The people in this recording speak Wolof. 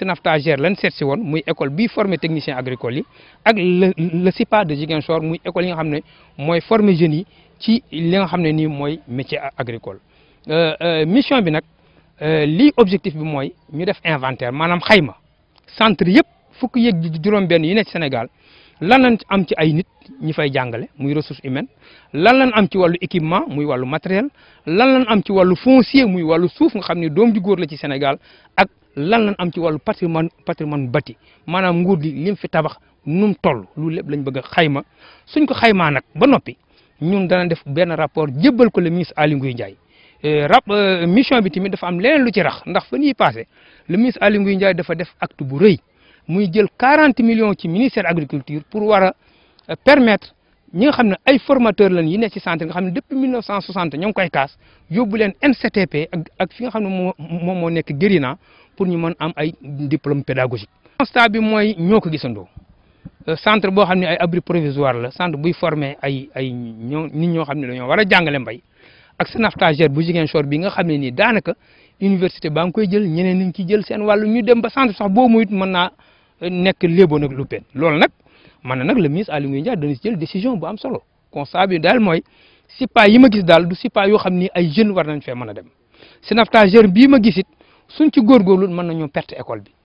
SENAFTAGER lan seet si woon muy école bii formé technicien agricole yi ak le le de Ziguinchor muy école yi nga xam ne mooy former jeune, yi ci li nga xam ne nii métier agricole. Euh, euh, mission bi nag euh, lii objectif bi mooy ñu def inventaire maanaam xayma centre yëpp fukk yëg juróom-benn yi nekk Sénégal lan lañ am ci ay nit ñi fay jàngale muy ressource humaine lan lañ am ci wàllu équipement muy wàllu matériel lan lañ am ci wàllu foncier muy wàllu suuf nga xam ne doom ju góor la ci Sénégal ak lan lañ am ci wàllu patrimoine patrimoine bati maanaam nguur gi lim fi tabax nu toll lu lépp lañ bëgg a xayma suñ ko xaymaa nag ba noppi ñun dana def benn rapport jébbal ko le ministre Aly Ngouille Ndiaye euh, rap euh, mission bi tamit dafa am leneen lu ci rax ndax fa ñuy passé le ministre Aly Ngouille Ndiaye dafa def acte bu rëy muy jël 40 million ci ministère agriculture pour war a euh, permettre. ñi nga xam ne ay formateur lañ yi ne ci centre nga xam ne depuis 1960 ñoo ngi koy kaas yóbbu leen NCTP ak ak nga xam ne moo moom moo nekk Guérina pour ñu man am ay diplôme pédagogique constat bi mooy ñoo ko gisandoo euh, centre boo xam ne ay abri provisoire la centre buy formé ay ay ñoo nit ñoo xam ne dañoo war a jàngale mbay ak seen stagiaire bu Ziguinchor bi nga xam ne nii daanaka université baa ngi koy jël ñeneen ni ngi ciy jël seen wàllu ñu dem ba centre sax boo muyut mën naa euh, nekk léeboon ak lu pen loolu nag man na nag le ministre Aly Ngouille Ndiaye dana décision bu am solo constat bi daal mooy SIPA yi ma gis daal du SIPA yoo xam ni ay jeunes war nañ fee mën a dem SNAPTAGER bii ma gis it suñ ci góorgóorlu mën nañoo perte école bi